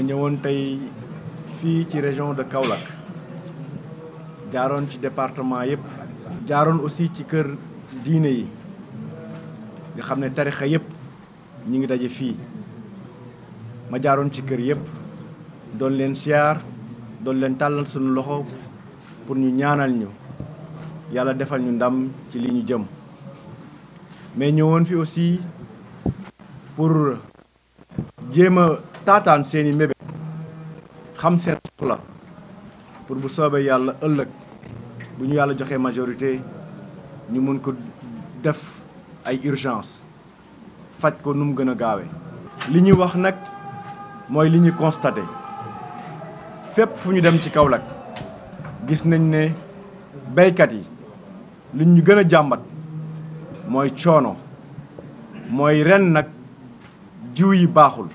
ma ñëwoon tey fii ci région de Kaolack jaaroon ci département yëpp jaaroon aussi ci kër diine yi nga xam ne tarixa yëpp ñi ngi daje fii ma jaaroon ci kër yëpp doon leen siyaar doon leen tàllal suñu loxo pour ñu ñaanal ñu yàlla defal ñu ndam ci li ñu jëm mais ñëwoon fi aussi pour jéem taataan seeni mébét xam seen soxla pour bu soobee yàlla ëllëg bu ñu yàlla joxee majorité ñu mën ko def ay urgence faj ko nu mu gën a gaawee. li ñuy wax nag mooy li ñuy constaté fépp fu ñu dem ci Kaolack gis nañ ne béykat yi li ñu gën a jàmbat mooy coono mooy ren nag jiw yi baaxul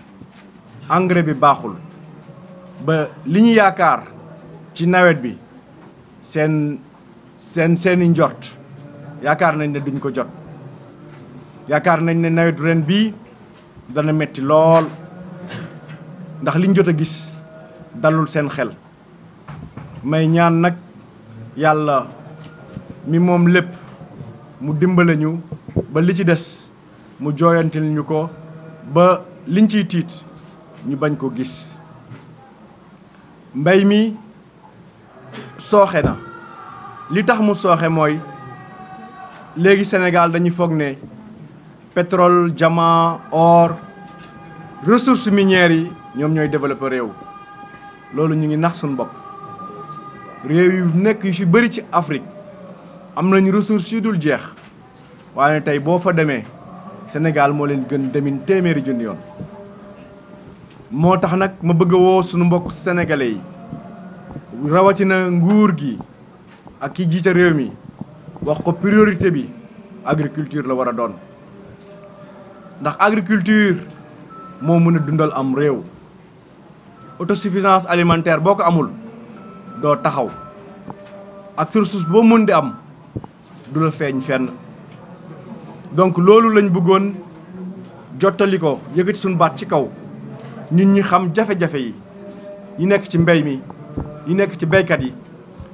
engrais bi baaxul. ba li ñu yaakaar ci nawet bi seen seen seeni njort yaakaar nañ ne duñ ko jot yaakaar nañ ne nawetu ren bii dana metti lool ndax liñ jot a gis dalul seen xel may ñaan nag yàlla mi moom lépp mu dimbale ñu ba li ci des mu jooyantil ñu ko ba liñ ciy tiit ñu bañ ko gis mbay mi sooxe na li tax mu sooxe mooy léegi Sénégal dañu foog ne pétrole diamant or ressources minières yi ñoom ñooy développer réew loolu ñu ngi nax suñu bopp réew yu nekk yu fi bëri ci Afrique am nañu ressources yu dul jeex waaye tey boo fa demee Sénégal moo leen gën demin téeméeri junni yoon moo tax nag ma bëgg woo sunu mbokk sénégalais yi rawatina nguur gi ak ki jiite réew mi wax ko priorité bi agriculture la war doon ndax agriculture moo mën dundal am réew autosuffisance alimentaire boo amul doo taxaw ak ressource boo mën di am du la feeñ fenn donc loolu lañ bëggoon jottali ko yëkkati suñu baat ci kaw nit ñi xam jafe-jafe yi ñu nekk ci mbéy mi yi nekk ci béykat yi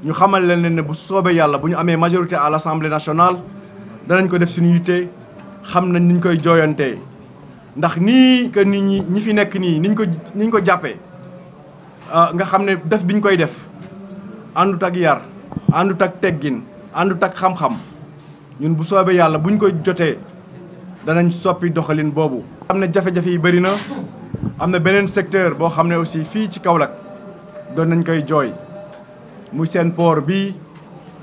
ñu xamal leen ne bu soobee yàlla bu ñu amee majorité à l'Assemblée nationale danañ ko def suñu yitte xam nañ niñ koy jooyantee ndax nii que nit ñi ñi fi nekk nii niñ ko niñ ko jàppee ah, nga xam ne def biñ koy def àndut ak yar àndut ak teggin àndut ak xam-xam ñun bu soobee yàlla buñ koy jotee danañ soppi doxalin boobu. am na jafe-jafe yi bëri na. am na beneen secteur boo xam ne aussi fii ci Kaolack doon nañ koy jooy muy seen poor bii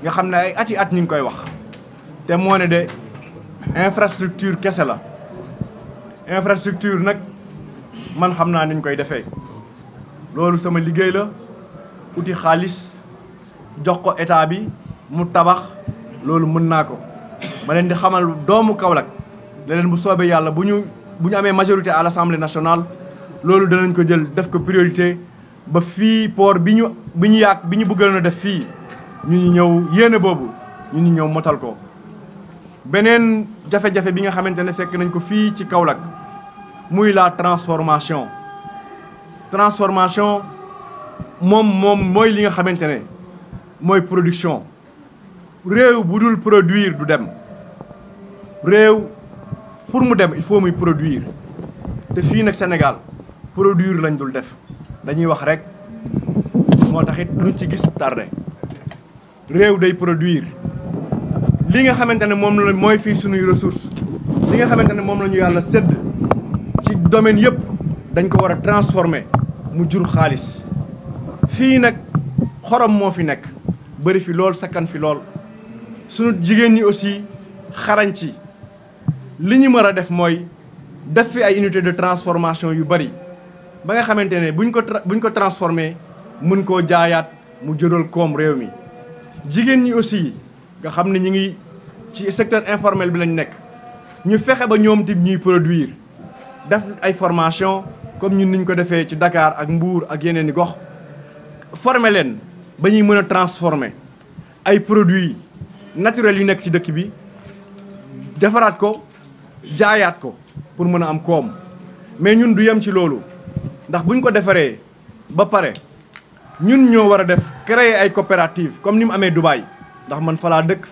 nga xam ne ay at at ñu ngi koy wax te moo ne de infrastructure kese la infrastructure nag man xam naa niñ koy defee loolu sama liggéey la uti xaalis jox ko état bi mu tabax loolu mën naa ko ma leen di xamal doomu Kaolack leneen bu soobee yàlla bu ñu bu ñu amee majorité à l'Assemblée nationale loolu danañ ko jël def ko priorité ba fii port bi ñu bi ñu yàq bi ñu bëggoon a def fii ñu ñu ñëw yéene boobu ñu ñëw ko. bi nga ne nañ ko ci la transformation transformation moom moom mooy li nga xamante ne production réew bu produire du dem réew pour mu dem il faut muy produire te fii nag Sénégal produire lañ dul def dañuy wax rek moo taxit luñ ci gis tardé rew day produire li nga xamantene mom la moy fi suñu ressource li nga xamantene mom lañu yalla sedd ci domaine yépp dañ ko wara transformer mu jur xaalis fi nak xorom mo fi nek bari fi lol sakan fi lol suñu jigen ni aussi xarañ ci liñu ñu a def moy def fi ay unité de transformation yu bari ba nga xamante ne buñ ko buñ ko transformé mën koo jaayaat mu jural koom réew mi jigéen ñi aussi nga xam ne ñi ngi ci secteur informel bi lañ nekk ñu fexe ba ñoom tim ñuy produire def ay formation comme ñun niñ ko defee ci Dakar ak Mbour ak yeneen i gox formé leen ba ñuy mën a transformer ay produits naturel yu nekk ci dëkk bi defaraat ko jaayaat ko pour mën am koom mais ñun du yem ci loolu ndax bu ñu ko defaree ba pare ñun ñoo war a def créer ay coopérative comme ni mu amee Dubaï ndax man falaa dëkk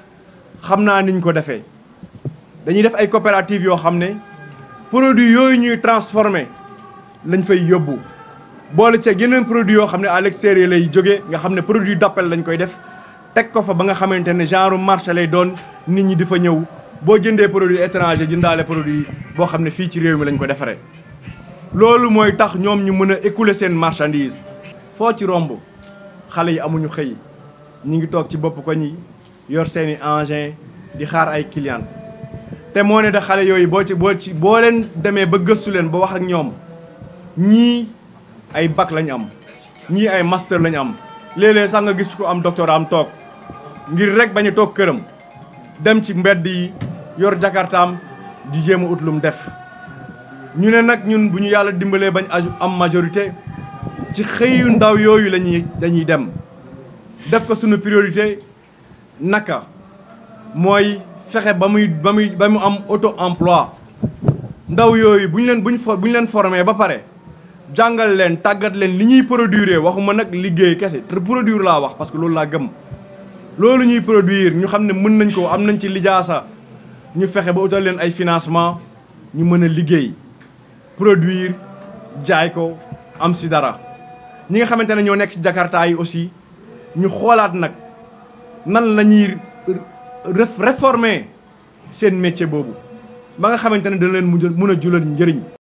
xam naa niñ ko defee dañuy def ay coopérative yoo xam ne produit yooyu ñuy transformé lañ fay yóbbu boole ca yeneen produit yoo xam ne à l'extérieur lay jóge nga xam ne produit d'appel lañ koy def teg ko fa ba nga xamante ne genre marché lay doon nit ñi di fa ñëw boo jëndee produit étranger jëndaale produit boo xam ne fii ci réew mi lañ ko defaree loolu mooy tax ñoom ñu mën a écouler seen marchandise foo ci romb xale yi amuñu xëy ñi ngi toog ci bopp ko ñi yor seeni engin di xaar ay client te moo ne da xale yooyu boo ci boo ci boo leen demee ba gëstu leen ba wax ak ñoom ñii ay bac lañ am ñii ay master lañ am léeg-léeg sax nga gis ko am doctorat am toog ngir rek bañ a toog këram dem ci mbedd yi yor jakartaam di jéem a ut lum def ñu ne nag ñun bu ñu yàlla dimbalee bañ am majorité ci xëyu ndaw yooyu la ñuy dañuy dem def ko suñu priorité naka mooy fexe ba muy ba muy ba mu am oto emploi ndaw yooyu bu ñu leen bu ñu bu ñu leen formé ba pare jàngal leen tàggat leen li ñuy produire waxuma nag liggéey kese te produire laa wax parce que loolu laa gëm loolu ñuy produire ñu xam ne mën nañ ko am nañ ci lijaasa ñu fexe ba utal leen ay financement ñu mën a liggéey produire jaay ko am si dara ñi nga xamantene ñoo nekk ci Jakarta yi aussi ñu xoolaat nag nan lañuy réformer seen métier boobu ba nga xamantene ne leen mujj mën a